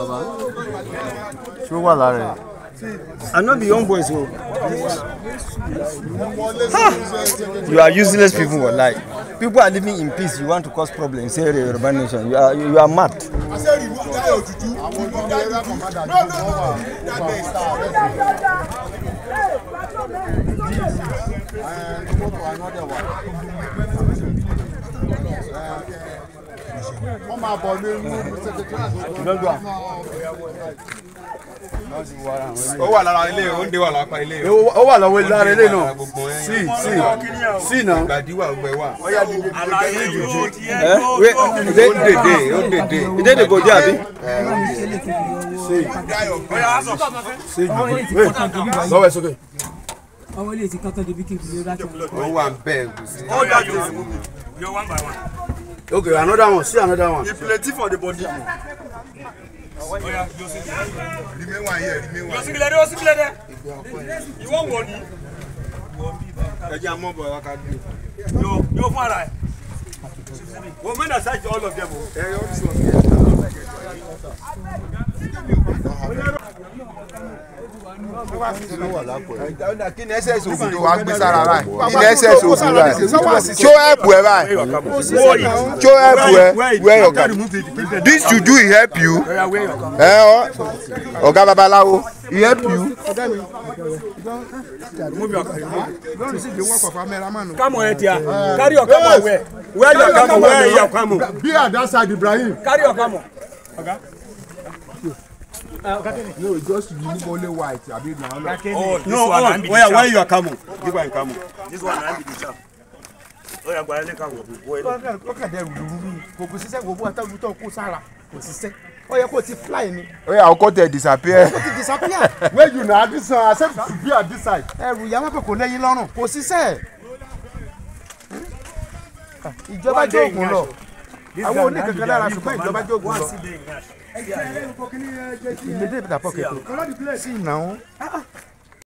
bàbá. ṣé ó wà lára ẹ̀. I no be young boys o. Oh. You are useless people for life. People are living in peace. You want to cause problems. Say the Yoruba nation. You are you are mad. And go to another one wọ́n máa bọ̀ ní lọ́dọ̀ à. ó wà lára ilé oúnjẹ wà lápá ilé. ó wà lọ́wọ́ lára ilé náà sí sí sí náà. ìgbàdí wà gbẹ wà. àlàyé yóò di ẹ tó. ó dèdè ó dèdè. ìdèdè kò dé àbí. sí lọ́wọ́ ẹ̀ sókè ọwọ́ ilé ti kọ́tọ́ débi kí n fi lè rájà. ó wà bẹ́ẹ̀ kò sí. ó dájú yọ one by one. Okay, another one. See another one. He plenty for the body. Oh yeah, remain one here, main one. Yosin Bilede, Yosin Bilede. You want one? Ẹja mọ bọ̀ wá ká gbé. Yóò yóò fún ara ẹ̀. Wọ́n mẹ́ta ṣáàjì all of them o. Ẹ yọ ọ́ ti sọ̀rọ̀. kí ni ẹsẹ̀ ìṣòwò tó gbé sára rà kí ni ẹsẹ̀ ìṣòwò rà tí ó ẹ rà tí ó ẹ wear your this juju he help you ẹ ọ ọ̀gá babaláwo he help you. Come on, Etia. Carry your camel. Where? Where your camel? Where your camel? Be at that Ibrahim. Carry your camel. Uh, no, just remove only white. I mean, now. Oh, no, one oh, where, where you are camel? This one camel. This one I'm the chap. Oh, yeah, but I can't go. Okay, there we go. Go see go go ata go ko sara. Go see Oh, yeah, go see fly ni. Oh, yeah, go there disappear. Go there disappear. Where you now this one except to be at this side. Eh, we am pe ko lẹ́yìn lọ́rùn. Kò ṣiṣẹ́. Ìjọba jogun lọ. Àwọn oníkankan lára ṣùgbọ́n ìjọba jogun lọ. Médez dans la pocket. See now. Ah, ah.